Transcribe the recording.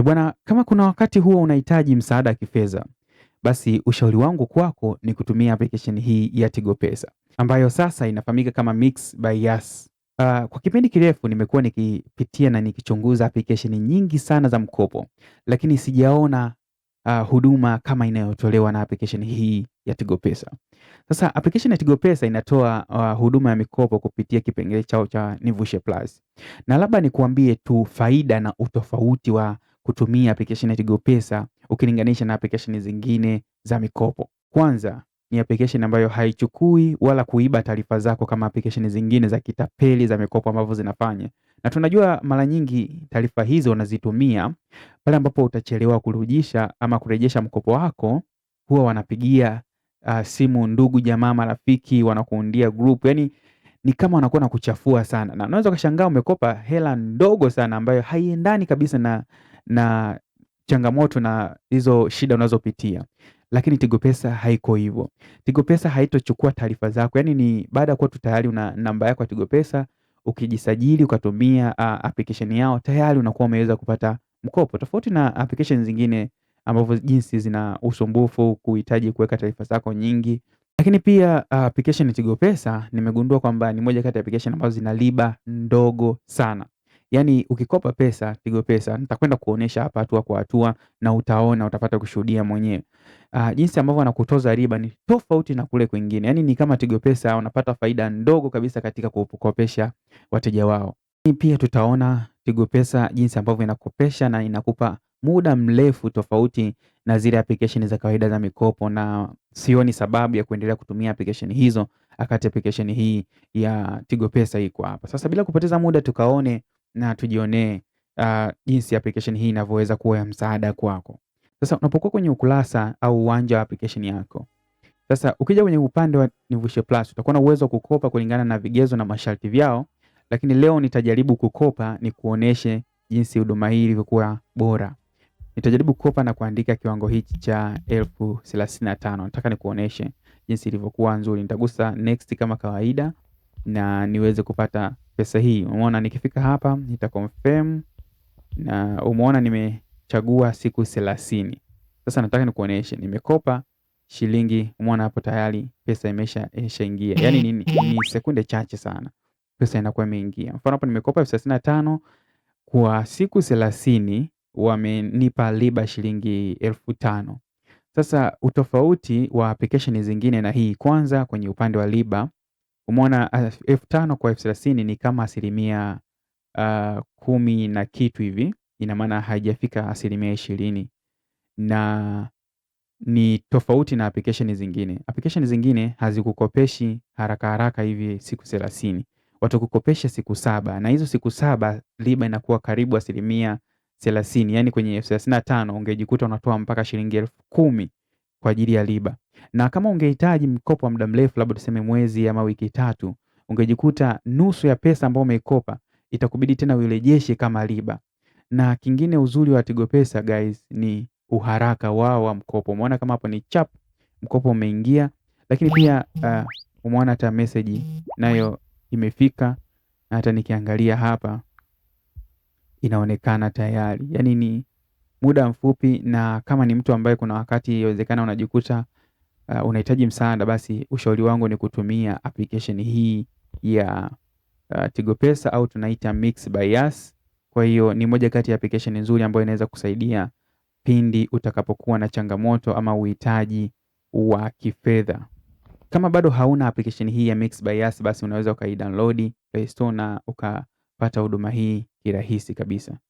E bwana, kama kuna wakati huo unahitaji msaada wa kifedha, basi ushauri wangu kwako ni kutumia application hii ya Tigo Pesa ambayo sasa inafahamika kama Mix by Yas. Uh, kwa kipindi kirefu nimekuwa nikipitia na nikichunguza application nyingi sana za mkopo, lakini sijaona uh, huduma kama inayotolewa na application hii ya Tigo Pesa. Sasa application ya Tigo Pesa inatoa uh, huduma ya mikopo kupitia kipengele chao cha Nivushe Plus, na labda nikuambie tu faida na utofauti wa kutumia application ya Tigo Pesa ukilinganisha na application zingine za mikopo. Kwanza ni application ambayo haichukui wala kuiba taarifa zako kama application zingine za kitapeli za mikopo ambavyo zinafanya, na tunajua mara nyingi taarifa hizo wanazitumia pale ambapo utachelewa kurudisha ama kurejesha mkopo wako, huwa wanapigia uh, simu ndugu, jamaa, marafiki, wanakuundia group, yani ni kama wanakuwa na kuchafua sana, na unaweza ukashangaa umekopa hela ndogo sana ambayo haiendani kabisa na na changamoto na hizo shida unazopitia. Lakini Tigo Pesa haiko hivyo. Tigo Pesa haitochukua taarifa zako, yaani ni baada ya kuwa tu tayari una namba yako ya Tigo Pesa ukijisajili ukatumia uh, application yao tayari unakuwa umeweza kupata mkopo, tofauti na application zingine ambavyo jinsi zina usumbufu, kuhitaji kuweka taarifa zako nyingi. Lakini pia uh, application ya Tigo Pesa nimegundua kwamba ni moja kati ya application ambazo zina riba ndogo sana yani ukikopa pesa, Tigo Pesa, nitakwenda kuonesha hapa hatua kwa hatua na utaona utapata kushuhudia mwenyewe. uh, jinsi ambavyo wanakutoza riba ni tofauti na kule kwingine. Yani ni kama Tigo Pesa wanapata faida ndogo kabisa katika kukopesha wateja wao. Ni pia tutaona Tigo Pesa jinsi ambavyo inakopesha na inakupa muda mrefu tofauti na zile application za kawaida za mikopo na sioni sababu ya kuendelea kutumia application hizo akati application hii ya Tigo Pesa iko hapa. Sasa bila kupoteza muda tukaone na tujionee uh, jinsi application hii inavyoweza kuwa ya msaada kwako. Sasa unapokuwa kwenye ukurasa au uwanja wa application yako, sasa ukija kwenye upande wa Nivushe Plus utakuwa na uwezo wa kukopa kulingana na vigezo na masharti vyao, lakini leo nitajaribu kukopa ni kuoneshe jinsi huduma hii ilivyokuwa bora. Nitajaribu kukopa na kuandika kiwango hichi cha elfu thelathini na tano. Nataka nikuoneshe jinsi ilivyokuwa nzuri. Nitagusa next kama kawaida na niweze kupata pesa hii. Umeona, nikifika hapa nita confirm, na umeona nimechagua siku thelathini. Sasa nataka nikuoneshe nimekopa shilingi, umeona hapo tayari pesa imesha imeshaingia. Yaani ni, ni sekunde chache sana pesa inakuwa imeingia. Mfano hapo nimekopa elfu thelathini na tano kwa siku thelathini wamenipa riba shilingi elfu tano. Sasa utofauti wa application zingine na hii, kwanza kwenye upande wa riba Umeona ah, elfu tano kwa elfu thelathini ni kama asilimia uh, kumi na kitu hivi, ina maana haijafika asilimia ishirini na ni tofauti na application zingine. Application zingine hazikukopeshi haraka haraka hivi siku thelathini, watakukopesha siku saba, na hizo siku saba riba inakuwa karibu asilimia thelathini, yaani kwenye elfu thelathini na tano ungejikuta unatoa mpaka shilingi elfu kumi kwa ajili ya riba. Na kama ungehitaji mkopo wa muda mrefu, labda tuseme mwezi ama wiki tatu, ungejikuta nusu ya pesa ambayo umeikopa itakubidi tena uirejeshe kama riba. Na kingine uzuri wa Tigo Pesa guys ni uharaka wao wa mkopo. Umeona kama hapo ni chap, mkopo umeingia, lakini pia uh, umeona hata message nayo imefika, na hata nikiangalia hapa inaonekana tayari. Yaani ni muda mfupi, na kama ni mtu ambaye kuna wakati inawezekana unajikuta uh, unahitaji msaada, basi ushauri wangu ni kutumia application hii ya uh, Tigo Pesa au tunaita Mix by Yas. Kwa hiyo ni moja kati ya application nzuri ambayo inaweza kusaidia pindi utakapokuwa na changamoto ama uhitaji wa kifedha. Kama bado hauna application hii ya Mix by Yas, basi unaweza ukaidownload Play Store na ukapata huduma hii kirahisi kabisa.